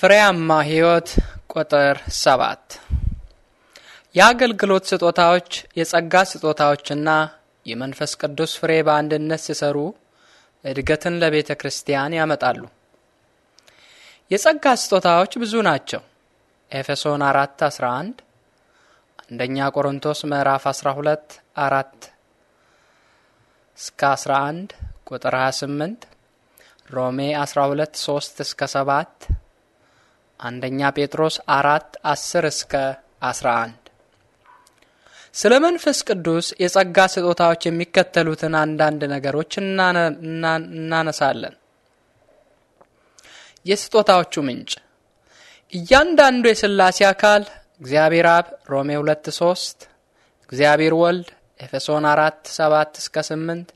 ፍሬያማ ሕይወት ቁጥር ሰባት የአገልግሎት ስጦታዎች የጸጋ ስጦታዎችና የመንፈስ ቅዱስ ፍሬ በአንድነት ሲሰሩ እድገትን ለቤተ ክርስቲያን ያመጣሉ። የጸጋ ስጦታዎች ብዙ ናቸው። ኤፌሶን 4 11 አንደኛ ቆሮንቶስ ምዕራፍ 12 4 እስከ 11 ቁጥር 28 ሮሜ 12 3 እስከ 7 አንደኛ ጴጥሮስ አራት አስር እስከ አስራ አንድ ስለ መንፈስ ቅዱስ የጸጋ ስጦታዎች የሚከተሉትን አንዳንድ ነገሮች እናነሳለን። የስጦታዎቹ ምንጭ እያንዳንዱ የሥላሴ አካል እግዚአብሔር አብ ሮሜ ሁለት ሶስት እግዚአብሔር ወልድ ኤፌሶን አራት ሰባት እስከ ስምንት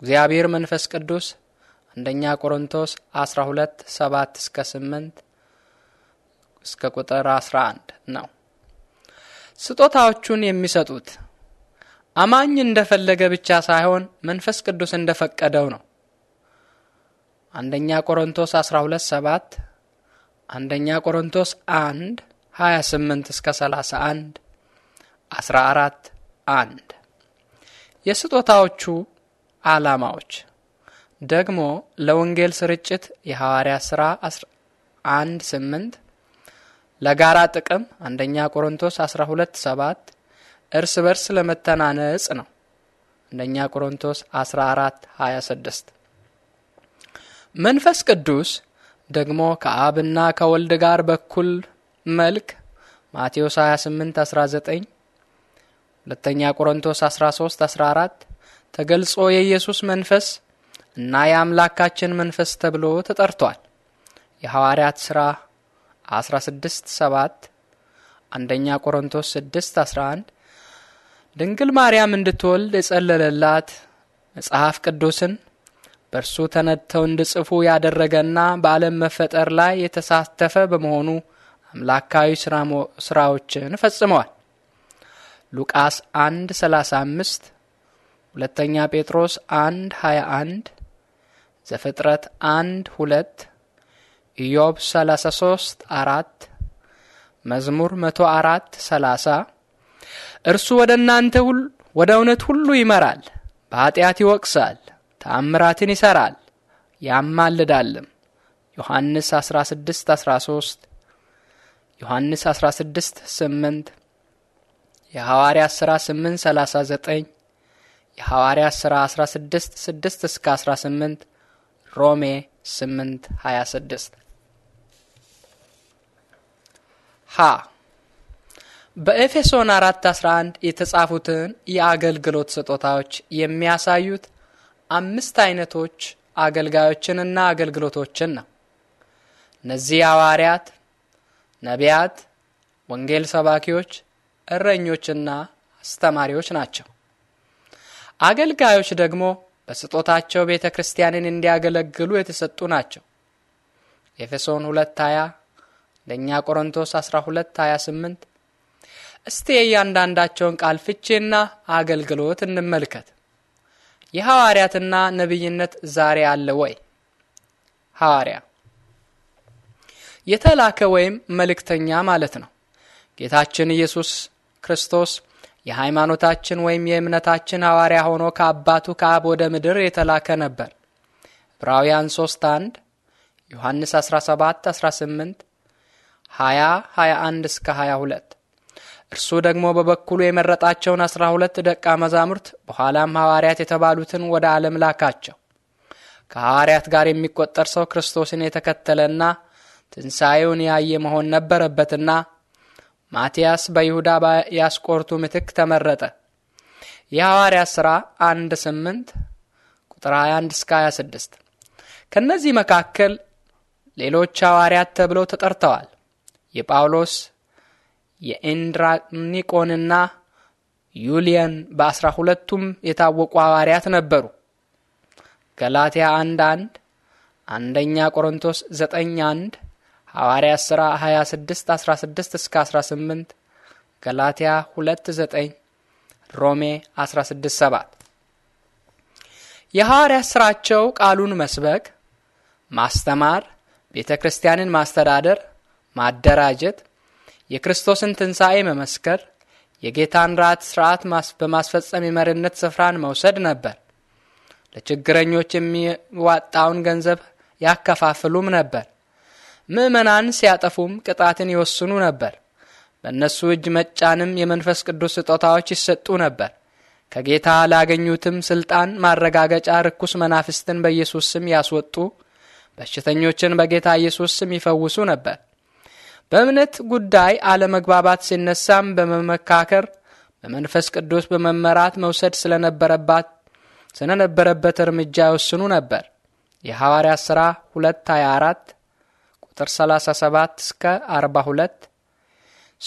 እግዚአብሔር መንፈስ ቅዱስ አንደኛ ቆሮንቶስ አስራ ሁለት ሰባት እስከ ስምንት እስከ ቁጥር 11 ነው። ስጦታዎቹን የሚሰጡት አማኝ እንደፈለገ ብቻ ሳይሆን መንፈስ ቅዱስ እንደፈቀደው ነው። አንደኛ ቆሮንቶስ 127 አንደኛ ቆሮንቶስ 1 28 እስከ 31 14 1 የስጦታዎቹ ዓላማዎች ደግሞ ለወንጌል ስርጭት የሐዋርያ ሥራ 1 8 ለጋራ ጥቅም አንደኛ ቆሮንቶስ 12 7 እርስ በርስ ለመተናነጽ ነው። አንደኛ ቆሮንቶስ 14 26 መንፈስ ቅዱስ ደግሞ ከአብና ከወልድ ጋር በኩል መልክ ማቴዎስ 28 19 ሁለተኛ ቆሮንቶስ 13 14 ተገልጾ የኢየሱስ መንፈስ እና የአምላካችን መንፈስ ተብሎ ተጠርቷል። የሐዋርያት ሥራ 16 7 አንደኛ ቆሮንቶስ 6 11 ድንግል ማርያም እንድትወልድ የጸለለላት መጽሐፍ ቅዱስን በእርሱ ተነድተው እንዲጽፉ ያደረገና በዓለም መፈጠር ላይ የተሳተፈ በመሆኑ አምላካዊ ሥራዎችን ፈጽመዋል። ሉቃስ 1 35 ሁለተኛ ጴጥሮስ 1 21 ዘፍጥረት 1 2 ኢዮብ 33 አራት መዝሙር 104 30 እርሱ ወደ እናንተ ሁሉ ወደ እውነት ሁሉ ይመራል፣ በኃጢአት ይወቅሳል፣ ተአምራትን ይሠራል፣ ያማልዳልም። ዮሐንስ 16 13 ዮሐንስ 16 8 የሐዋርያ ሥራ 8 39 የሐዋርያ ሥራ 16 6 እስከ 18 ሮሜ 8 26 ሀ በኤፌሶን 4:11 የተጻፉትን የአገልግሎት ስጦታዎች የሚያሳዩት አምስት አይነቶች አገልጋዮችንና አገልግሎቶችን ነው። እነዚህ ሐዋርያት፣ ነቢያት፣ ወንጌል ሰባኪዎች፣ እረኞችና አስተማሪዎች ናቸው። አገልጋዮች ደግሞ በስጦታቸው ቤተ ክርስቲያንን እንዲያገለግሉ የተሰጡ ናቸው። ኤፌሶን 2:20 ለእኛ ቆሮንቶስ 12 28 እስቲ የእያንዳንዳቸውን ቃል ፍቼና አገልግሎት እንመልከት። የሐዋርያትና ነቢይነት ዛሬ አለ ወይ? ሐዋርያ የተላከ ወይም መልእክተኛ ማለት ነው። ጌታችን ኢየሱስ ክርስቶስ የሃይማኖታችን ወይም የእምነታችን ሐዋርያ ሆኖ ከአባቱ ከአብ ወደ ምድር የተላከ ነበር። ዕብራውያን 3 1 ዮሐንስ 17 18 20 21 እስከ 22 እርሱ ደግሞ በበኩሉ የመረጣቸውን አስራ ሁለት ደቀ መዛሙርት በኋላም ሐዋርያት የተባሉትን ወደ ዓለም ላካቸው። ከሐዋርያት ጋር የሚቆጠር ሰው ክርስቶስን የተከተለና ትንሣኤውን ያየ መሆን ነበረበትና ማትያስ በይሁዳ ያስቆርቱ ምትክ ተመረጠ። የሐዋርያት ሥራ 1 8 ቁጥር 21 እስከ 26 ከእነዚህ መካከል ሌሎች ሐዋርያት ተብለው ተጠርተዋል። የጳውሎስ የኢንድራኒቆንና ዩሊየን በአስራ ሁለቱም የታወቁ ሐዋርያት ነበሩ። ገላትያ አንድ አንድ አንደኛ ቆሮንቶስ ዘጠኝ አንድ ሐዋርያ ሥራ አስራ ስድስት እስከ ስምንት ገላትያ ሁለት ዘጠኝ ሮሜ ስድስት ሰባት የሐዋርያት ሥራቸው ቃሉን መስበክ፣ ማስተማር፣ ቤተ ክርስቲያንን ማስተዳደር ማደራጀት፣ የክርስቶስን ትንሣኤ መመስከር፣ የጌታን ራት ስርዓት በማስፈጸም የመሪነት ስፍራን መውሰድ ነበር። ለችግረኞች የሚዋጣውን ገንዘብ ያከፋፍሉም ነበር። ምዕመናን ሲያጠፉም ቅጣትን ይወስኑ ነበር። በእነሱ እጅ መጫንም የመንፈስ ቅዱስ ስጦታዎች ይሰጡ ነበር። ከጌታ ላገኙትም ስልጣን ማረጋገጫ ርኩስ መናፍስትን በኢየሱስ ስም ያስወጡ፣ በሽተኞችን በጌታ ኢየሱስ ስም ይፈውሱ ነበር። በእምነት ጉዳይ አለመግባባት ሲነሳም በመመካከር በመንፈስ ቅዱስ በመመራት መውሰድ ስለነበረባት ስለነበረበት እርምጃ ይወስኑ ነበር። የሐዋርያት ሥራ 224 ቁጥር 37 እስከ 42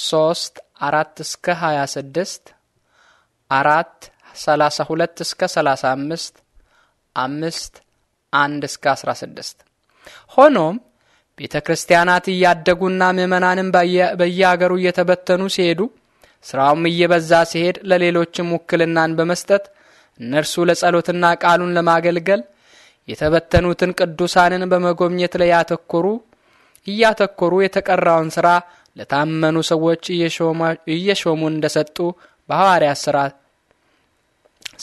3 4 እስከ 26 4 32 እስከ 35 5 1 እስከ 16 ሆኖም ቤተ ክርስቲያናት እያደጉና ምእመናንም በየአገሩ እየተበተኑ ሲሄዱ ስራውም እየበዛ ሲሄድ ለሌሎችም ውክልናን በመስጠት እነርሱ ለጸሎትና ቃሉን ለማገልገል የተበተኑትን ቅዱሳንን በመጎብኘት ላይ ያተኮሩ እያተኮሩ የተቀራውን ሥራ ለታመኑ ሰዎች እየሾሙ እንደሰጡ በሐዋርያት ሥራ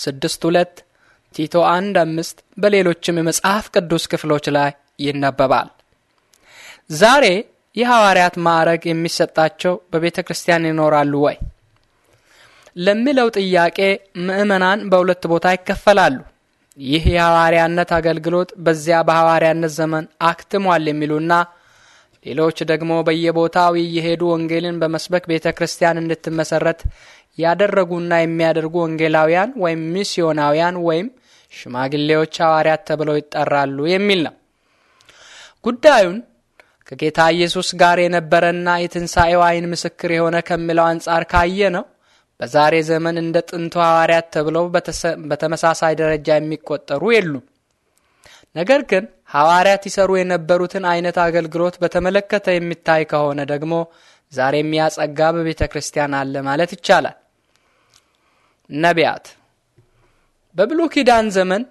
ስድስት ሁለት ቲቶ አንድ አምስት በሌሎችም የመጽሐፍ ቅዱስ ክፍሎች ላይ ይነበባል። ዛሬ የሐዋርያት ማዕረግ የሚሰጣቸው በቤተ ክርስቲያን ይኖራሉ ወይ ለሚለው ጥያቄ ምዕመናን በሁለት ቦታ ይከፈላሉ። ይህ የሐዋርያነት አገልግሎት በዚያ በሐዋርያነት ዘመን አክትሟል የሚሉና ሌሎች ደግሞ በየቦታው እየሄዱ ወንጌልን በመስበክ ቤተ ክርስቲያን እንድትመሰረት ያደረጉና የሚያደርጉ ወንጌላውያን ወይም ሚስዮናውያን ወይም ሽማግሌዎች ሐዋርያት ተብለው ይጠራሉ የሚል ነው። ጉዳዩን ከጌታ ኢየሱስ ጋር የነበረና የትንሣኤው ዓይን ምስክር የሆነ ከሚለው አንጻር ካየ ነው በዛሬ ዘመን እንደ ጥንቱ ሐዋርያት ተብለው በተመሳሳይ ደረጃ የሚቆጠሩ የሉም። ነገር ግን ሐዋርያት ይሰሩ የነበሩትን አይነት አገልግሎት በተመለከተ የሚታይ ከሆነ ደግሞ ዛሬ የሚያጸጋ በቤተ ክርስቲያን አለ ማለት ይቻላል። ነቢያት በብሉይ ኪዳን ዘመን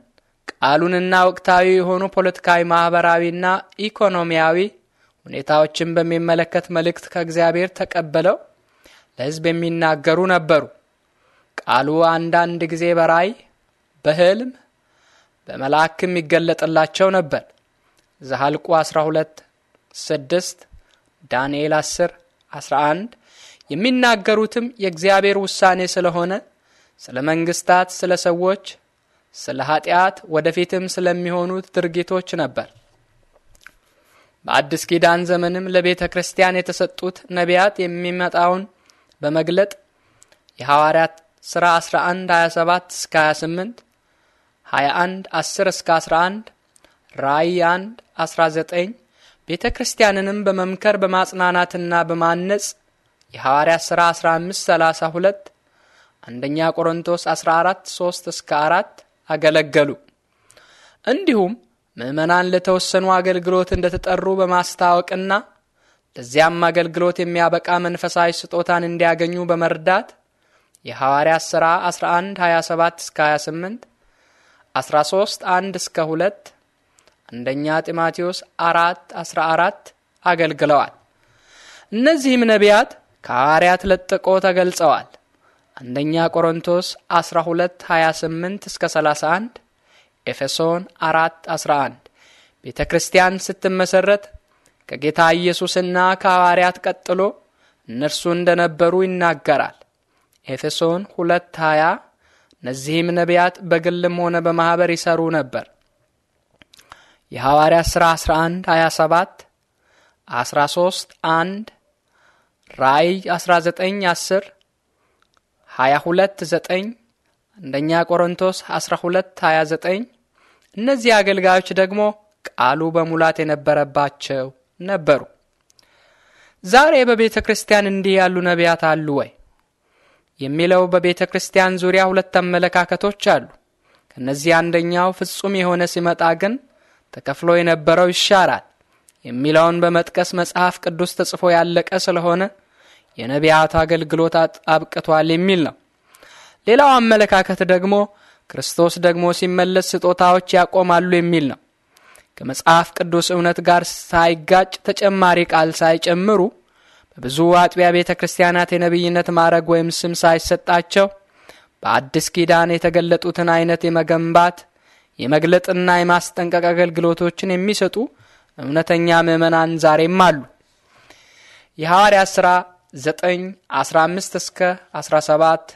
ቃሉንና ወቅታዊ የሆኑ ፖለቲካዊ፣ ማኅበራዊና ኢኮኖሚያዊ ሁኔታዎችን በሚመለከት መልእክት ከእግዚአብሔር ተቀበለው ለሕዝብ የሚናገሩ ነበሩ። ቃሉ አንዳንድ ጊዜ በራእይ በሕልም በመልአክም ይገለጥላቸው ነበር። ዘኍልቍ 12 6 ዳንኤል 10 11 የሚናገሩትም የእግዚአብሔር ውሳኔ ስለሆነ ስለ መንግስታት፣ ስለ ሰዎች፣ ስለ ኃጢአት ወደፊትም ስለሚሆኑት ድርጊቶች ነበር። በአዲስ ኪዳን ዘመንም ለቤተ ክርስቲያን የተሰጡት ነቢያት የሚመጣውን በመግለጥ የሐዋርያት ሥራ 11 27 እስከ 28 21 10 እስከ 11 ራእይ 1 19 ቤተ ክርስቲያንንም በመምከር በማጽናናትና በማነጽ የሐዋርያት ሥራ 15 32 አንደኛ ቆሮንቶስ 14 3 እስከ 4 አገለገሉ። እንዲሁም ምዕመናን ለተወሰኑ አገልግሎት እንደተጠሩ በማስታወቅና ለዚያም አገልግሎት የሚያበቃ መንፈሳዊ ስጦታን እንዲያገኙ በመርዳት የሐዋርያ ሥራ 11 27 እስከ 28 13 1 እስከ 2 አንደኛ ጢማቴዎስ 4 14 አገልግለዋል። እነዚህም ነቢያት ከሐዋርያት ለጥቆ ተገልጸዋል። አንደኛ ቆሮንቶስ 12 28 እስከ 31 ኤፌሶን 4 11 ቤተ ክርስቲያን ስትመሰረት ከጌታ ኢየሱስና ከሐዋርያት ቀጥሎ እነርሱ እንደነበሩ ይናገራል። ኤፌሶን 2 20 እነዚህም ነቢያት በግልም ሆነ በማኅበር ይሠሩ ነበር። የሐዋርያት ሥራ 11 27 13 1 ራእይ 19 10 22 9 አንደኛ ቆሮንቶስ 12 29 እነዚህ አገልጋዮች ደግሞ ቃሉ በሙላት የነበረባቸው ነበሩ። ዛሬ በቤተ ክርስቲያን እንዲህ ያሉ ነቢያት አሉ ወይ የሚለው በቤተ ክርስቲያን ዙሪያ ሁለት አመለካከቶች አሉ። ከእነዚህ አንደኛው ፍጹም የሆነ ሲመጣ ግን ተከፍሎ የነበረው ይሻራል የሚለውን በመጥቀስ መጽሐፍ ቅዱስ ተጽፎ ያለቀ ስለሆነ የነቢያት አገልግሎት አብቅቷል የሚል ነው። ሌላው አመለካከት ደግሞ ክርስቶስ ደግሞ ሲመለስ ስጦታዎች ያቆማሉ የሚል ነው። ከመጽሐፍ ቅዱስ እውነት ጋር ሳይጋጭ ተጨማሪ ቃል ሳይጨምሩ በብዙ አጥቢያ ቤተ ክርስቲያናት የነቢይነት ማዕረግ ወይም ስም ሳይሰጣቸው በአዲስ ኪዳን የተገለጡትን አይነት የመገንባት የመግለጥና የማስጠንቀቅ አገልግሎቶችን የሚሰጡ እውነተኛ ምዕመናን ዛሬም አሉ። የሐዋርያ ሥራ 9 15 እስከ 17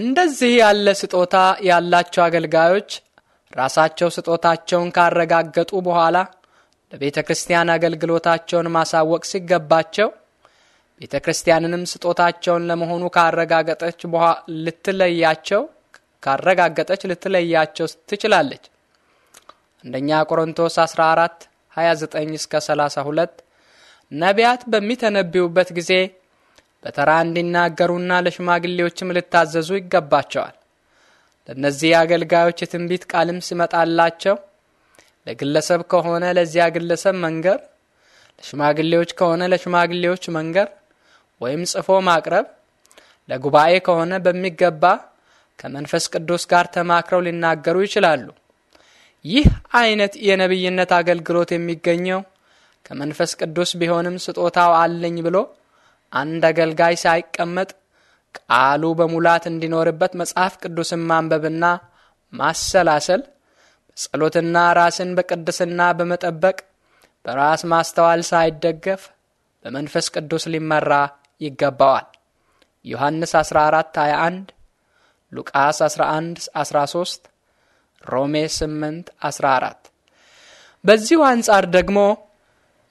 እንደዚህ ያለ ስጦታ ያላቸው አገልጋዮች ራሳቸው ስጦታቸውን ካረጋገጡ በኋላ ለቤተ ክርስቲያን አገልግሎታቸውን ማሳወቅ ሲገባቸው ቤተ ክርስቲያንንም ስጦታቸውን ለመሆኑ ካረጋገጠች ልትለያቸው ካረጋገጠች ልትለያቸው ትችላለች። አንደኛ ቆሮንቶስ 14 29 እስከ 32 ነቢያት በሚተነብዩበት ጊዜ በተራ እንዲናገሩና ለሽማግሌዎችም ልታዘዙ ይገባቸዋል። ለእነዚህ አገልጋዮች የትንቢት ቃልም ሲመጣላቸው ለግለሰብ ከሆነ ለዚያ ግለሰብ መንገር፣ ለሽማግሌዎች ከሆነ ለሽማግሌዎች መንገር ወይም ጽፎ ማቅረብ፣ ለጉባኤ ከሆነ በሚገባ ከመንፈስ ቅዱስ ጋር ተማክረው ሊናገሩ ይችላሉ። ይህ አይነት የነቢይነት አገልግሎት የሚገኘው ከመንፈስ ቅዱስ ቢሆንም ስጦታው አለኝ ብሎ አንድ አገልጋይ ሳይቀመጥ ቃሉ በሙላት እንዲኖርበት መጽሐፍ ቅዱስን ማንበብና ማሰላሰል በጸሎትና ራስን በቅድስና በመጠበቅ በራስ ማስተዋል ሳይደገፍ በመንፈስ ቅዱስ ሊመራ ይገባዋል። ዮሐንስ 14 21 ሉቃስ 11 13 ሮሜ 8 14 በዚሁ አንጻር ደግሞ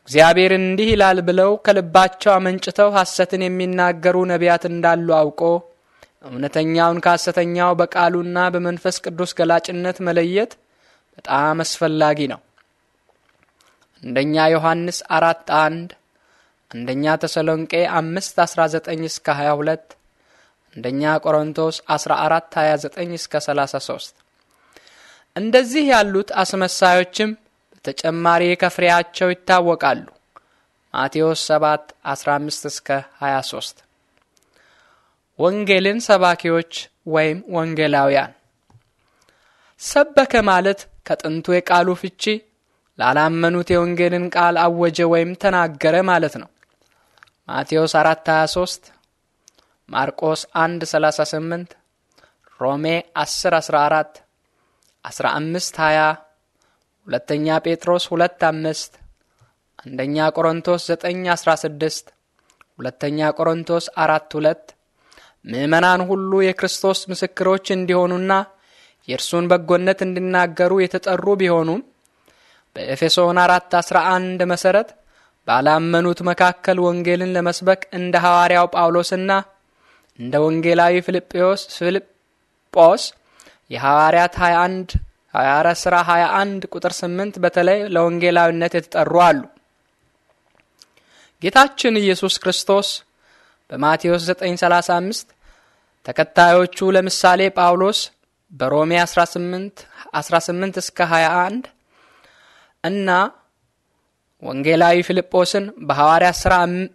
እግዚአብሔር እንዲህ ይላል ብለው ከልባቸው አመንጭተው ሐሰትን የሚናገሩ ነቢያት እንዳሉ አውቆ እውነተኛውን ከሐሰተኛው በቃሉና በመንፈስ ቅዱስ ገላጭነት መለየት በጣም አስፈላጊ ነው። አንደኛ ዮሐንስ አራት አንድ አንደኛ ተሰሎንቄ አምስት አስራ ዘጠኝ እስከ ሀያ ሁለት አንደኛ ቆሮንቶስ አስራ አራት ሀያ ዘጠኝ እስከ ሰላሳ ሶስት እንደዚህ ያሉት አስመሳዮችም በተጨማሪ ከፍሬያቸው ይታወቃሉ። ማቴዎስ 7 15 እስከ 23 ወንጌልን ሰባኪዎች ወይም ወንጌላውያን ሰበከ ማለት ከጥንቱ የቃሉ ፍቺ ላላመኑት የወንጌልን ቃል አወጀ ወይም ተናገረ ማለት ነው። ማቴዎስ 23 ማርቆስ 1:38 ሮሜ 15 20 ሁለተኛ ጴጥሮስ ሁለት አምስት አንደኛ ቆሮንቶስ ዘጠኝ አስራ ስድስት ሁለተኛ ቆሮንቶስ አራት ሁለት ምእመናን ሁሉ የክርስቶስ ምስክሮች እንዲሆኑና የእርሱን በጎነት እንዲናገሩ የተጠሩ ቢሆኑም በኤፌሶን አራት አስራ አንድ መሠረት ባላመኑት መካከል ወንጌልን ለመስበክ እንደ ሐዋርያው ጳውሎስና እንደ ወንጌላዊ ፊልጶስ ፊልጶስ የሐዋርያት 21 24 ሥራ 21 ቁጥር 8 በተለይ ለወንጌላዊነት የተጠሩ አሉ። ጌታችን ኢየሱስ ክርስቶስ በማቴዎስ 9:35 ተከታዮቹ ለምሳሌ ጳውሎስ በሮሜ 18 18 እስከ 21 እና ወንጌላዊ ፊልጶስን በሐዋርያ 8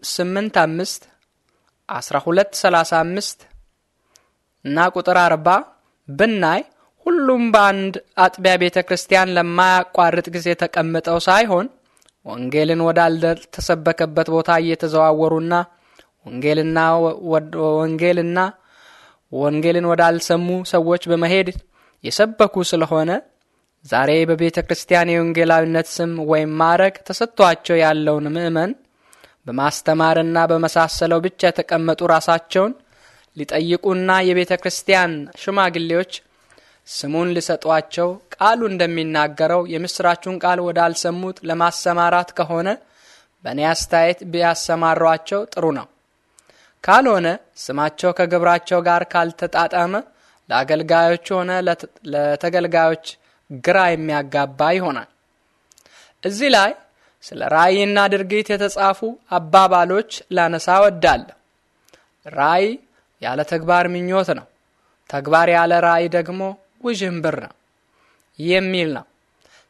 5 12 35 እና ቁጥር 40 ብናይ ሁሉም በአንድ አጥቢያ ቤተ ክርስቲያን ለማያቋርጥ ጊዜ ተቀምጠው ሳይሆን ወንጌልን ወዳልተሰበከበት ቦታ እየተዘዋወሩና ወንጌልና ወንጌልና ወንጌልን ወዳልሰሙ ሰዎች በመሄድ የሰበኩ ስለሆነ ዛሬ በቤተ ክርስቲያን የወንጌላዊነት ስም ወይም ማዕረግ ተሰጥቷቸው ያለውን ምእመን በማስተማርና በመሳሰለው ብቻ የተቀመጡ ራሳቸውን ሊጠይቁና የቤተ ክርስቲያን ሽማግሌዎች ስሙን ልሰጧቸው ቃሉ እንደሚናገረው የምሥራቹን ቃል ወዳልሰሙት ለማሰማራት ከሆነ በእኔ አስተያየት ቢያሰማሯቸው ጥሩ ነው። ካልሆነ ስማቸው ከግብራቸው ጋር ካልተጣጣመ ለአገልጋዮች ሆነ ለተገልጋዮች ግራ የሚያጋባ ይሆናል። እዚህ ላይ ስለ ራእይና ድርጊት የተጻፉ አባባሎች ላነሳ እወዳለሁ። ራእይ ያለ ተግባር ምኞት ነው። ተግባር ያለ ራእይ ደግሞ ውዥንብር ነው የሚል ነው።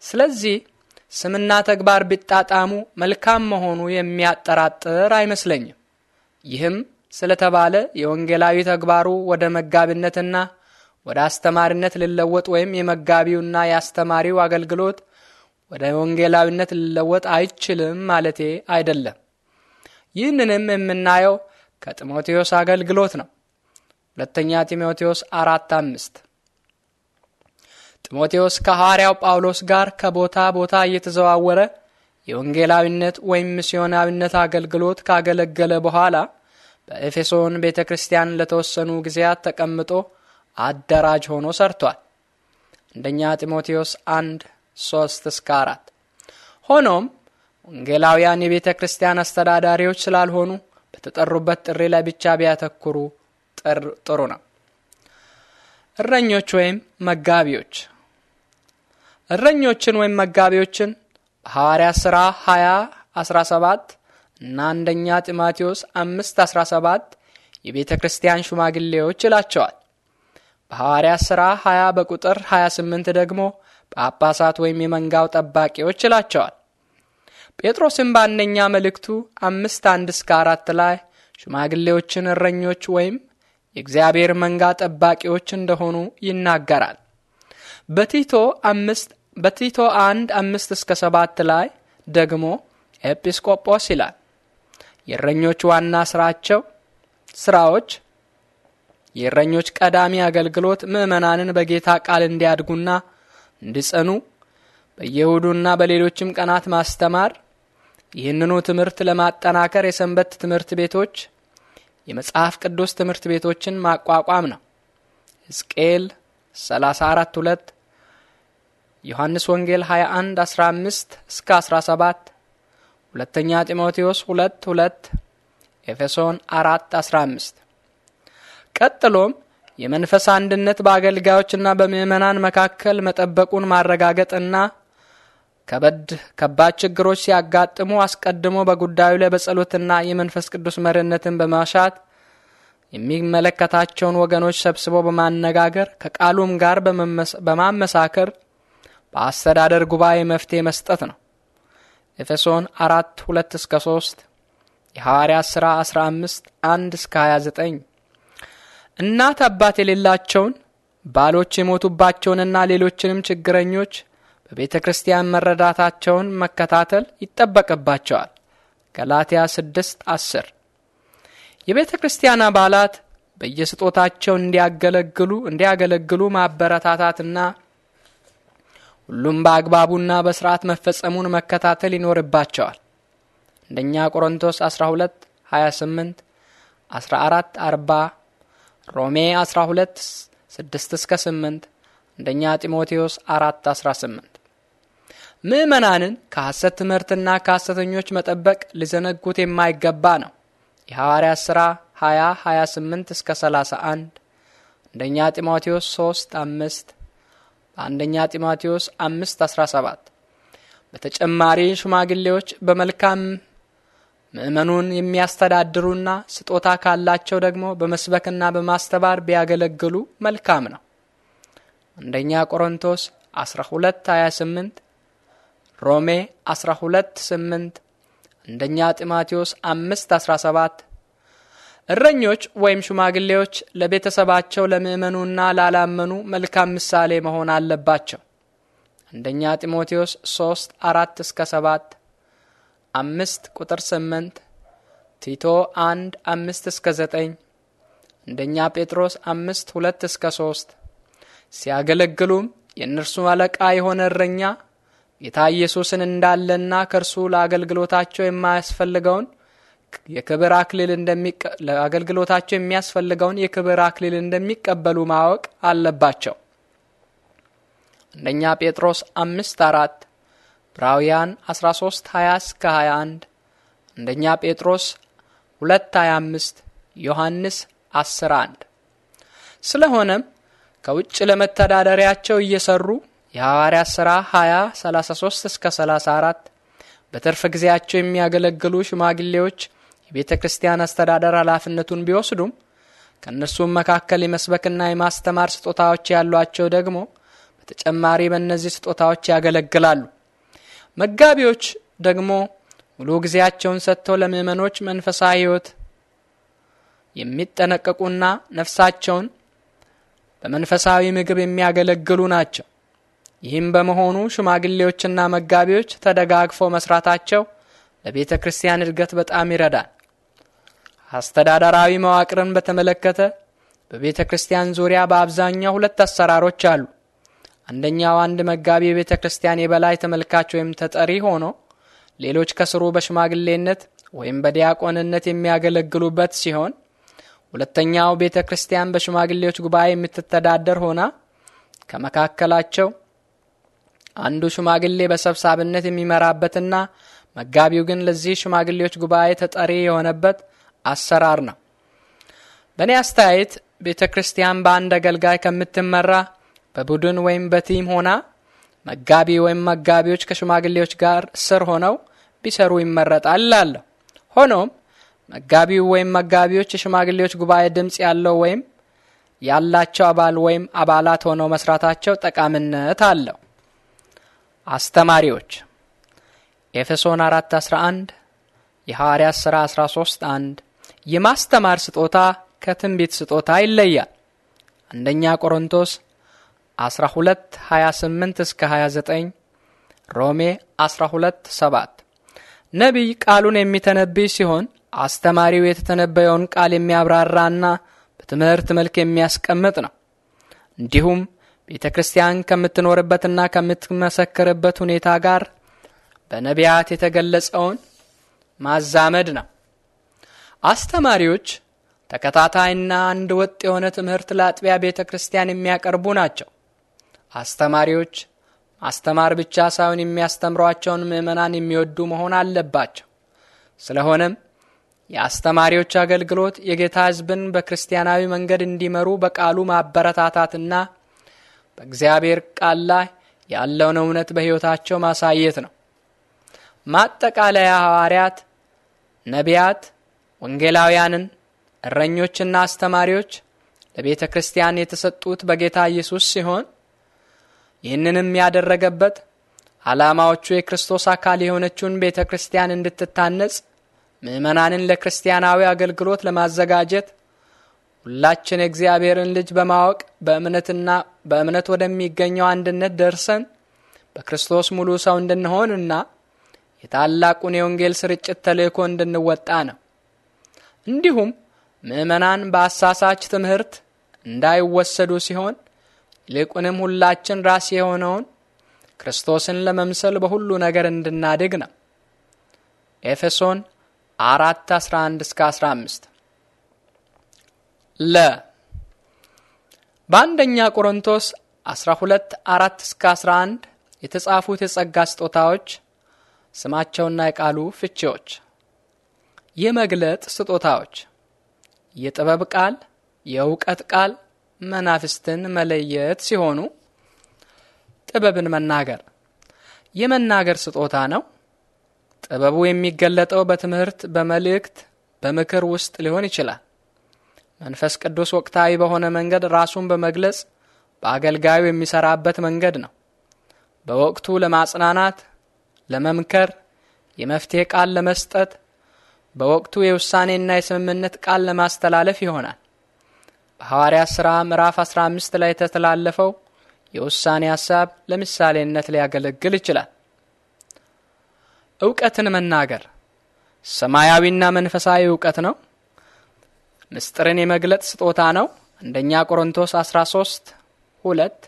ስለዚህ ስምና ተግባር ቢጣጣሙ መልካም መሆኑ የሚያጠራጥር አይመስለኝም። ይህም ስለተባለ የወንጌላዊ ተግባሩ ወደ መጋቢነትና ወደ አስተማሪነት ሊለወጥ ወይም የመጋቢውና የአስተማሪው አገልግሎት ወደ ወንጌላዊነት ሊለወጥ አይችልም ማለቴ አይደለም። ይህንንም የምናየው ከጢሞቴዎስ አገልግሎት ነው። ሁለተኛ ጢሞቴዎስ አራት አምስት ጢሞቴዎስ ከሐዋርያው ጳውሎስ ጋር ከቦታ ቦታ እየተዘዋወረ የወንጌላዊነት ወይም ምስዮናዊነት አገልግሎት ካገለገለ በኋላ በኤፌሶን ቤተ ክርስቲያን ለተወሰኑ ጊዜያት ተቀምጦ አደራጅ ሆኖ ሰርቷል። አንደኛ ጢሞቴዎስ አንድ ሶስት እስከ አራት ሆኖም ወንጌላውያን የቤተ ክርስቲያን አስተዳዳሪዎች ስላልሆኑ በተጠሩበት ጥሪ ላይ ብቻ ቢያተኩሩ ጥሩ ነው። እረኞች ወይም መጋቢዎች እረኞችን ወይም መጋቢዎችን በሐዋርያ ሥራ 20 17 እና አንደኛ ጢማቴዎስ 5 17 የቤተ ክርስቲያን ሽማግሌዎች ይላቸዋል። በሐዋርያ ሥራ 20 በቁጥር 28 ደግሞ ጳጳሳት ወይም የመንጋው ጠባቂዎች ይላቸዋል። ጴጥሮስም በአንደኛ መልእክቱ አምስት አንድ እስከ አራት ላይ ሽማግሌዎችን እረኞች ወይም የእግዚአብሔር መንጋ ጠባቂዎች እንደሆኑ ይናገራል። በቲቶ አምስት በቲቶ አንድ አምስት እስከ ሰባት ላይ ደግሞ ኤጲስቆጶስ ይላል። የእረኞች ዋና ስራቸው ስራዎች የእረኞች ቀዳሚ አገልግሎት ምዕመናንን በጌታ ቃል እንዲያድጉና እንዲጸኑ በየእሁዱና በሌሎችም ቀናት ማስተማር፣ ይህንኑ ትምህርት ለማጠናከር የሰንበት ትምህርት ቤቶች፣ የመጽሐፍ ቅዱስ ትምህርት ቤቶችን ማቋቋም ነው። ሕዝቅኤል 34 2 ዮሐንስ ወንጌል 21 15 እስከ 17 ሁለተኛ ጢሞቴዎስ 2 2 ኤፌሶን 4 15 ቀጥሎም የመንፈስ አንድነት በአገልጋዮችና በምእመናን መካከል መጠበቁን ማረጋገጥና ከበድ ከባድ ችግሮች ሲያጋጥሙ አስቀድሞ በጉዳዩ ላይ በጸሎትና የመንፈስ ቅዱስ መሪነትን በማሻት የሚመለከታቸውን ወገኖች ሰብስቦ በማነጋገር ከቃሉም ጋር በማመሳከር በአስተዳደር ጉባኤ መፍትሄ መስጠት ነው። ኤፌሶን 4 2 እስከ 3 የሐዋርያት ሥራ 15 1 እስከ 29 እናት አባት የሌላቸውን ባሎች የሞቱባቸውንና ሌሎችንም ችግረኞች በቤተ ክርስቲያን መረዳታቸውን መከታተል ይጠበቅባቸዋል። ገላትያ 6 10 የቤተ ክርስቲያን አባላት በየስጦታቸው እንዲያገለግሉ እንዲያገለግሉ ማበረታታትና ሁሉም በአግባቡና በስርዓት መፈጸሙን መከታተል ይኖርባቸዋል። አንደኛ ቆሮንቶስ 12 28 14 40 ሮሜ 12 6 እስከ 8 አንደኛ ጢሞቴዎስ 4 18 ምእመናንን ከሐሰት ትምህርትና ከሐሰተኞች መጠበቅ ሊዘነጉት የማይገባ ነው። የሐዋርያት ሥራ 20 28 እስከ 31 አንደኛ ጢሞቴዎስ 3 5 አንደኛ ጢሞቴዎስ 5:17 በተጨማሪ ሽማግሌዎች በመልካም ምእመኑን የሚያስተዳድሩና ስጦታ ካላቸው ደግሞ በመስበክና በማስተባር ቢያገለግሉ መልካም ነው። አንደኛ ቆሮንቶስ 12:28 ሮሜ 12:8 አንደኛ ጢሞቴዎስ 5:17 እረኞች ወይም ሽማግሌዎች ለቤተሰባቸው ለምእመኑና ላላመኑ መልካም ምሳሌ መሆን አለባቸው። አንደኛ ጢሞቴዎስ 3 4 እስከ 7 5 ቁጥር 8 ቲቶ 1 5 እስከ 9 አንደኛ ጴጥሮስ 5 2 እስከ 3 ሲያገለግሉም የእነርሱ አለቃ የሆነ እረኛ ጌታ ኢየሱስን እንዳለና ከእርሱ ለአገልግሎታቸው የማያስፈልገውን የክብር አክሊል ለአገልግሎታቸው የሚያስፈልገውን የክብር አክሊል እንደሚቀበሉ ማወቅ አለባቸው። አንደኛ ጴጥሮስ አምስት አራት ዕብራውያን 13 20 እስከ 21 አንደኛ ጴጥሮስ 2 25 ዮሐንስ 10 1 ስለሆነም ከውጭ ለመተዳደሪያቸው እየሰሩ የሐዋርያ ሥራ 20 33 እስከ 34 በትርፍ ጊዜያቸው የሚያገለግሉ ሽማግሌዎች የቤተ ክርስቲያን አስተዳደር ኃላፊነቱን ቢወስዱም ከእነርሱም መካከል የመስበክና የማስተማር ስጦታዎች ያሏቸው ደግሞ በተጨማሪ በእነዚህ ስጦታዎች ያገለግላሉ። መጋቢዎች ደግሞ ሙሉ ጊዜያቸውን ሰጥተው ለምእመኖች መንፈሳዊ ሕይወት የሚጠነቀቁና ነፍሳቸውን በመንፈሳዊ ምግብ የሚያገለግሉ ናቸው። ይህም በመሆኑ ሽማግሌዎችና መጋቢዎች ተደጋግፈው መስራታቸው ለቤተ ክርስቲያን እድገት በጣም ይረዳል። አስተዳደራዊ መዋቅርን በተመለከተ በቤተ ክርስቲያን ዙሪያ በአብዛኛው ሁለት አሰራሮች አሉ። አንደኛው አንድ መጋቢ የቤተ ክርስቲያን የበላይ ተመልካች ወይም ተጠሪ ሆኖ ሌሎች ከስሩ በሽማግሌነት ወይም በዲያቆንነት የሚያገለግሉበት ሲሆን ሁለተኛው ቤተ ክርስቲያን በሽማግሌዎች ጉባኤ የምትተዳደር ሆና ከመካከላቸው አንዱ ሽማግሌ በሰብሳብነት የሚመራበትና መጋቢው ግን ለዚህ ሽማግሌዎች ጉባኤ ተጠሪ የሆነበት አሰራር ነው። በእኔ አስተያየት ቤተ ክርስቲያን በአንድ አገልጋይ ከምትመራ በቡድን ወይም በቲም ሆና መጋቢ ወይም መጋቢዎች ከሽማግሌዎች ጋር ስር ሆነው ቢሰሩ ይመረጣል እላለሁ። ሆኖም መጋቢው ወይም መጋቢዎች የሽማግሌዎች ጉባኤ ድምፅ ያለው ወይም ያላቸው አባል ወይም አባላት ሆነው መስራታቸው ጠቃሚነት አለው። አስተማሪዎች ኤፌሶን 4 11 የሐዋርያት ሥራ 13 1 የማስተማር ስጦታ ከትንቢት ስጦታ ይለያል። አንደኛ ቆሮንቶስ 12 28 እስከ 29 ሮሜ 12 7 ነቢይ ቃሉን የሚተነብይ ሲሆን አስተማሪው የተተነበየውን ቃል የሚያብራራና በትምህርት መልክ የሚያስቀምጥ ነው። እንዲሁም ቤተ ክርስቲያን ከምትኖርበትና ከምትመሰክርበት ሁኔታ ጋር በነቢያት የተገለጸውን ማዛመድ ነው። አስተማሪዎች ተከታታይና አንድ ወጥ የሆነ ትምህርት ለአጥቢያ ቤተ ክርስቲያን የሚያቀርቡ ናቸው። አስተማሪዎች ማስተማር ብቻ ሳይሆን የሚያስተምሯቸውን ምዕመናን የሚወዱ መሆን አለባቸው። ስለሆነም የአስተማሪዎች አገልግሎት የጌታ ሕዝብን በክርስቲያናዊ መንገድ እንዲመሩ በቃሉ ማበረታታትና በእግዚአብሔር ቃል ላይ ያለውን እውነት በሕይወታቸው ማሳየት ነው። ማጠቃለያ ሐዋርያት፣ ነቢያት ወንጌላውያንን እረኞችና አስተማሪዎች ለቤተ ክርስቲያን የተሰጡት በጌታ ኢየሱስ ሲሆን ይህንንም ያደረገበት ዓላማዎቹ የክርስቶስ አካል የሆነችውን ቤተ ክርስቲያን እንድትታነጽ ምእመናንን ለክርስቲያናዊ አገልግሎት ለማዘጋጀት ሁላችን የእግዚአብሔርን ልጅ በማወቅ በእምነትና በእምነት ወደሚገኘው አንድነት ደርሰን በክርስቶስ ሙሉ ሰው እንድንሆንና የታላቁን የወንጌል ስርጭት ተልእኮ እንድንወጣ ነው። እንዲሁም ምእመናን በአሳሳች ትምህርት እንዳይወሰዱ ሲሆን ይልቁንም ሁላችን ራስ የሆነውን ክርስቶስን ለመምሰል በሁሉ ነገር እንድናድግ ነው። ኤፌሶን አራት 11 እስከ 15 ለ በአንደኛ ቆሮንቶስ 12 4 እስከ 11 የተጻፉት የጸጋ ስጦታዎች ስማቸውና የቃሉ ፍቺዎች የመግለጥ ስጦታዎች የጥበብ ቃል፣ የእውቀት ቃል መናፍስትን መለየት ሲሆኑ ጥበብን መናገር የመናገር ስጦታ ነው። ጥበቡ የሚገለጠው በትምህርት፣ በመልእክት፣ በምክር ውስጥ ሊሆን ይችላል። መንፈስ ቅዱስ ወቅታዊ በሆነ መንገድ ራሱን በመግለጽ በአገልጋዩ የሚሰራበት መንገድ ነው። በወቅቱ ለማጽናናት፣ ለመምከር፣ የመፍትሄ ቃል ለመስጠት በወቅቱ የውሳኔና የስምምነት ቃል ለማስተላለፍ ይሆናል። በሐዋርያ ሥራ ምዕራፍ 15 ላይ የተተላለፈው የውሳኔ ሐሳብ ለምሳሌነት ሊያገለግል ይችላል። እውቀትን መናገር ሰማያዊና መንፈሳዊ እውቀት ነው። ምስጢርን የመግለጥ ስጦታ ነው። አንደኛ ቆሮንቶስ 13 ሁለት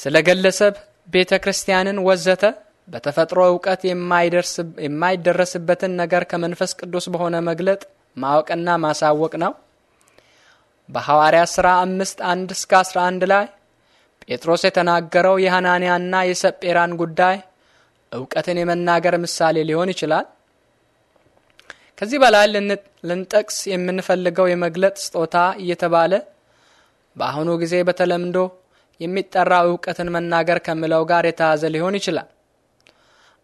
ስለ ግለሰብ ቤተ ክርስቲያንን ወዘተ በተፈጥሮ እውቀት የማይደረስበትን ነገር ከመንፈስ ቅዱስ በሆነ መግለጥ ማወቅና ማሳወቅ ነው። በሐዋርያ ሥራ አምስት አንድ እስከ አስራ አንድ ላይ ጴጥሮስ የተናገረው የሐናንያና የሰጴራን ጉዳይ እውቀትን የመናገር ምሳሌ ሊሆን ይችላል። ከዚህ በላይ ልንጠቅስ የምንፈልገው የመግለጥ ስጦታ እየተባለ በአሁኑ ጊዜ በተለምዶ የሚጠራ እውቀትን መናገር ከሚለው ጋር የተያዘ ሊሆን ይችላል።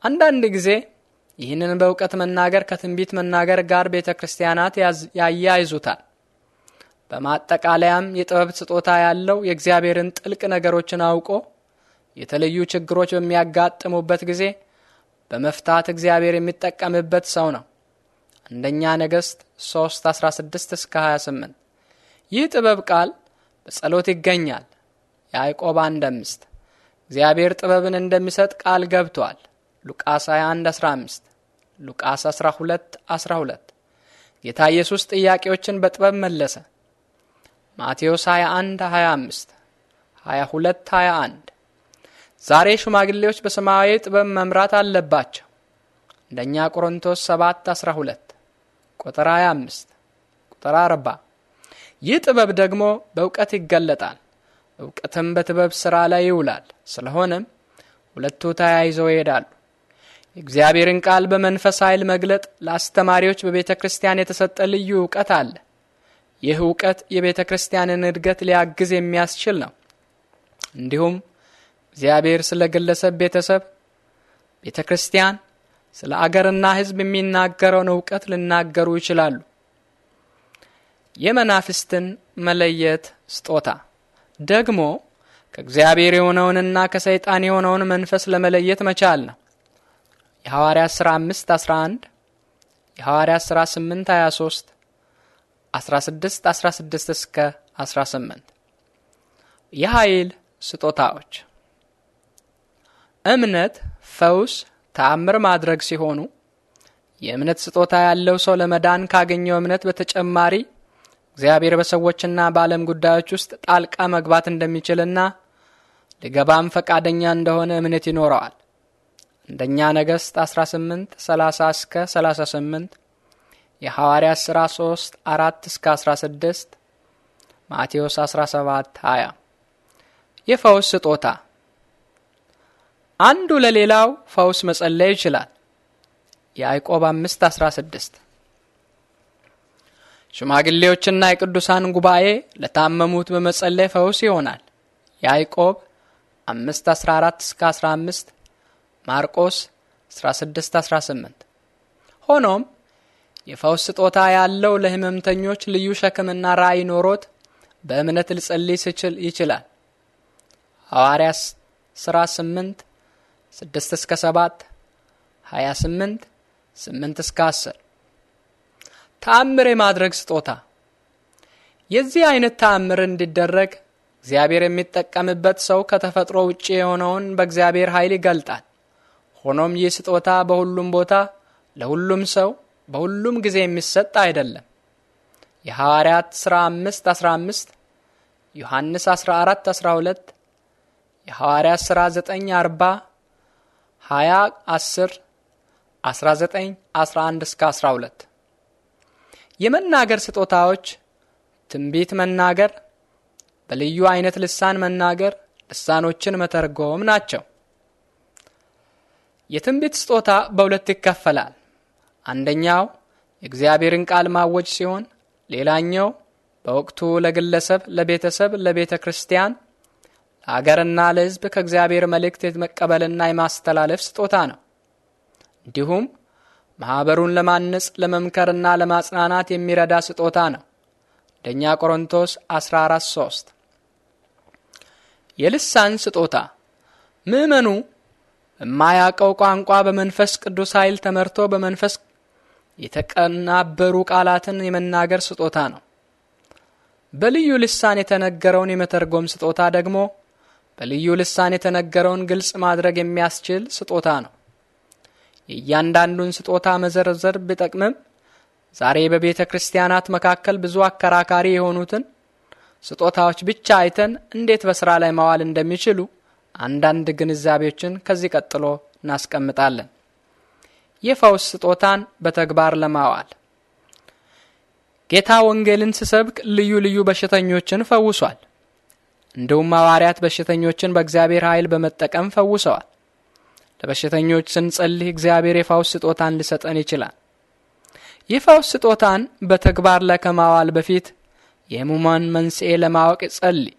አንዳንድ ጊዜ ይህንን በእውቀት መናገር ከትንቢት መናገር ጋር ቤተ ክርስቲያናት ያያይዙታል። በማጠቃለያም የጥበብ ስጦታ ያለው የእግዚአብሔርን ጥልቅ ነገሮችን አውቆ የተለዩ ችግሮች በሚያጋጥሙበት ጊዜ በመፍታት እግዚአብሔር የሚጠቀምበት ሰው ነው። አንደኛ ነገሥት 3 16 እስከ 28 ይህ ጥበብ ቃል በጸሎት ይገኛል። ያዕቆብ አንድ አምስት እግዚአብሔር ጥበብን እንደሚሰጥ ቃል ገብቷል። ሉቃስ 21 15 ሉቃስ 12 12 ጌታ ኢየሱስ ጥያቄዎችን በጥበብ መለሰ። ማቴዎስ 21 25 22 21 ዛሬ ሽማግሌዎች በሰማያዊ ጥበብ መምራት አለባቸው። አንደኛ ቆሮንቶስ 7 12 ቁጥር 25 ቁጥር 40 ይህ ጥበብ ደግሞ በእውቀት ይገለጣል፣ እውቀትም በጥበብ ሥራ ላይ ይውላል። ስለሆነም ሁለቱ ተያይዘው ይሄዳሉ። የእግዚአብሔርን ቃል በመንፈስ ኃይል መግለጥ ለአስተማሪዎች በቤተ ክርስቲያን የተሰጠ ልዩ እውቀት አለ። ይህ እውቀት የቤተ ክርስቲያንን እድገት ሊያግዝ የሚያስችል ነው። እንዲሁም እግዚአብሔር ስለ ግለሰብ ቤተሰብ፣ ቤተ ክርስቲያን፣ ስለ አገርና ሕዝብ የሚናገረውን እውቀት ሊናገሩ ይችላሉ። የመናፍስትን መለየት ስጦታ ደግሞ ከእግዚአብሔር የሆነውንና ከሰይጣን የሆነውን መንፈስ ለመለየት መቻል ነው። የሐዋርያት ሥራ 5 11 የሐዋርያት ሥራ 8 23 16 16 እስከ 18 የኃይል ስጦታዎች እምነት፣ ፈውስ፣ ተአምር ማድረግ ሲሆኑ የእምነት ስጦታ ያለው ሰው ለመዳን ካገኘው እምነት በተጨማሪ እግዚአብሔር በሰዎችና በዓለም ጉዳዮች ውስጥ ጣልቃ መግባት እንደሚችልና ሊገባም ፈቃደኛ እንደሆነ እምነት ይኖረዋል። እንደኛ ነገሥት 18 30 እስከ 38 የሐዋርያ ሥራ 3 4 እስከ 16 ማቴዎስ 17 20 የፈውስ ስጦታ አንዱ ለሌላው ፈውስ መጸለይ ይችላል። ያዕቆብ 5 16 ሽማግሌዎችና የቅዱሳን ጉባኤ ለታመሙት በመጸለይ ፈውስ ይሆናል። ያዕቆብ 5 14 እስከ 15 ማርቆስ 16:18 ሆኖም የፈውስ ስጦታ ያለው ለህመምተኞች ልዩ ሸክምና ራእይ ኖሮት በእምነት ልጸልይ ሲችል ይችላል። ሐዋርያ ሥራ 8 6 እስከ 7 28 8 እስከ 10 ተአምር የማድረግ ስጦታ የዚህ አይነት ተአምር እንዲደረግ እግዚአብሔር የሚጠቀምበት ሰው ከተፈጥሮ ውጪ የሆነውን በእግዚአብሔር ኃይል ይገልጣል። ሆኖም ይህ ስጦታ በሁሉም ቦታ ለሁሉም ሰው በሁሉም ጊዜ የሚሰጥ አይደለም። የሐዋርያት ሥራ 5 15 ዮሐንስ 14 12 የሐዋርያት ሥራ 9 40 20 10 19 11 እስከ 12 የመናገር ስጦታዎች ትንቢት መናገር፣ በልዩ አይነት ልሳን መናገር፣ ልሳኖችን መተርጎም ናቸው። የትንቢት ስጦታ በሁለት ይከፈላል። አንደኛው የእግዚአብሔርን ቃል ማወጅ ሲሆን፣ ሌላኛው በወቅቱ ለግለሰብ፣ ለቤተሰብ፣ ለቤተ ክርስቲያን፣ ለአገርና ለሕዝብ ከእግዚአብሔር መልእክት የመቀበልና የማስተላለፍ ስጦታ ነው። እንዲሁም ማኅበሩን ለማነጽ ለመምከርና ለማጽናናት የሚረዳ ስጦታ ነው። አንደኛ ቆሮንቶስ 14 3 የልሳን ስጦታ ምእመኑ የማያውቀው ቋንቋ በመንፈስ ቅዱስ ኃይል ተመርቶ በመንፈስ የተቀናበሩ ቃላትን የመናገር ስጦታ ነው። በልዩ ልሳን የተነገረውን የመተርጎም ስጦታ ደግሞ በልዩ ልሳን የተነገረውን ግልጽ ማድረግ የሚያስችል ስጦታ ነው። የእያንዳንዱን ስጦታ መዘርዘር ቢጠቅምም ዛሬ በቤተ ክርስቲያናት መካከል ብዙ አከራካሪ የሆኑትን ስጦታዎች ብቻ አይተን እንዴት በስራ ላይ ማዋል እንደሚችሉ አንዳንድ ግንዛቤዎችን ከዚህ ቀጥሎ እናስቀምጣለን። የፈውስ ስጦታን በተግባር ለማዋል ጌታ ወንጌልን ስሰብክ ልዩ ልዩ በሽተኞችን ፈውሷል። እንዲሁም ሐዋርያት በሽተኞችን በእግዚአብሔር ኃይል በመጠቀም ፈውሰዋል። ለበሽተኞች ስንጸልይ እግዚአብሔር የፈውስ ስጦታን ሊሰጠን ይችላል። የፈውስ ስጦታን በተግባር ላይ ከማዋል በፊት የሕሙማን መንስኤ ለማወቅ ጸልይ።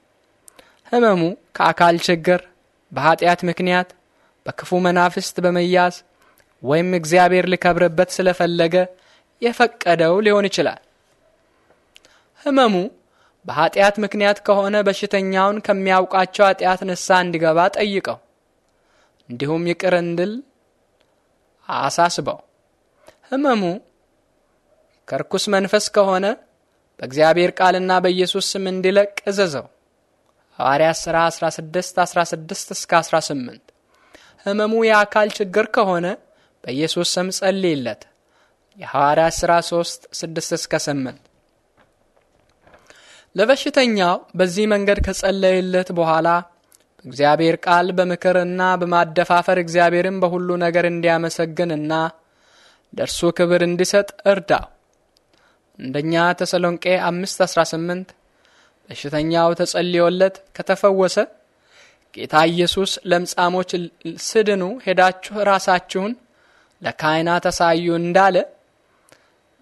ህመሙ ከአካል ችግር በኃጢአት ምክንያት በክፉ መናፍስት በመያዝ ወይም እግዚአብሔር ሊከብርበት ስለፈለገ የፈቀደው ሊሆን ይችላል። ህመሙ በኃጢአት ምክንያት ከሆነ በሽተኛውን ከሚያውቃቸው ኃጢአት ንሳ እንዲገባ ጠይቀው፣ እንዲሁም ይቅር እንድል አሳስበው። ህመሙ ከርኩስ መንፈስ ከሆነ በእግዚአብሔር ቃልና በኢየሱስ ስም እንዲለቅ እዘዘው። ሐዋርያ ሥራ 16 16 እስከ 18 ህመሙ የአካል ችግር ከሆነ በኢየሱስ ስም ጸልይለት። የሐዋርያ ሥራ 3 6 እስከ 8 ለበሽተኛው በዚህ መንገድ ከጸለይለት በኋላ በእግዚአብሔር ቃል በምክርና በማደፋፈር እግዚአብሔርን በሁሉ ነገር እንዲያመሰግንና ለእርሱ ክብር እንዲሰጥ እርዳው። አንደኛ ተሰሎንቄ 5 18 በሽተኛው ተጸልዮለት ከተፈወሰ ጌታ ኢየሱስ ለምጻሞች ስድኑ ሄዳችሁ ራሳችሁን ለካህናት አሳዩ እንዳለ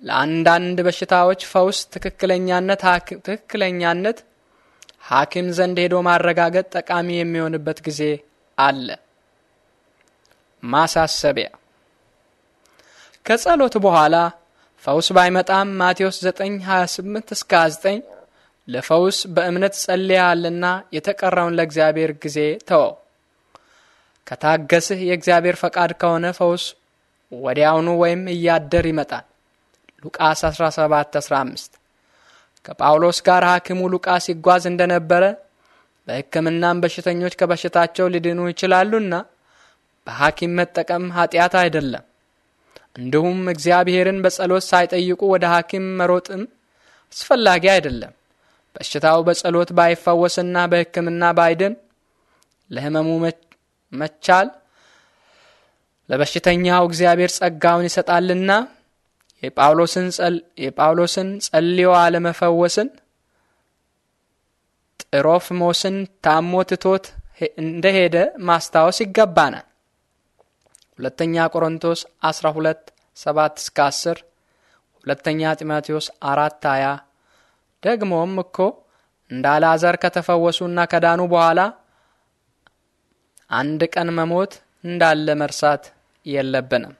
ለአንዳንድ በሽታዎች ፈውስ ትክክለኛነት ትክክለኛነት ሐኪም ዘንድ ሄዶ ማረጋገጥ ጠቃሚ የሚሆንበት ጊዜ አለ። ማሳሰቢያ ከጸሎት በኋላ ፈውስ ባይመጣም ማቴዎስ 9 28 እስከ 9 ለፈውስ በእምነት ጸልያልና የተቀረውን ለእግዚአብሔር ጊዜ ተወው። ከታገስህ የእግዚአብሔር ፈቃድ ከሆነ ፈውስ ወዲያውኑ ወይም እያደር ይመጣል። ሉቃስ 17:15 ከጳውሎስ ጋር ሐኪሙ ሉቃስ ይጓዝ እንደነበረ በሕክምናም በሽተኞች ከበሽታቸው ሊድኑ ይችላሉና በሐኪም መጠቀም ኃጢአት አይደለም። እንዲሁም እግዚአብሔርን በጸሎት ሳይጠይቁ ወደ ሐኪም መሮጥም አስፈላጊ አይደለም። በሽታው በጸሎት ባይፈወስና በሕክምና ባይድን ለህመሙ መቻል ለበሽተኛው እግዚአብሔር ጸጋውን ይሰጣልና የጳውሎስን ጸልዮ አለመፈወስን ጥሮፍሞስን ታሞ ትቶት እንደሄደ ማስታወስ ይገባናል። ሁለተኛ ቆሮንቶስ 12 7 እስከ 10፣ ሁለተኛ ጢሞቴዎስ 4 20 ደግሞም እኮ እንደ አልዓዛር ከተፈወሱና ከዳኑ በኋላ አንድ ቀን መሞት እንዳለ መርሳት የለብንም።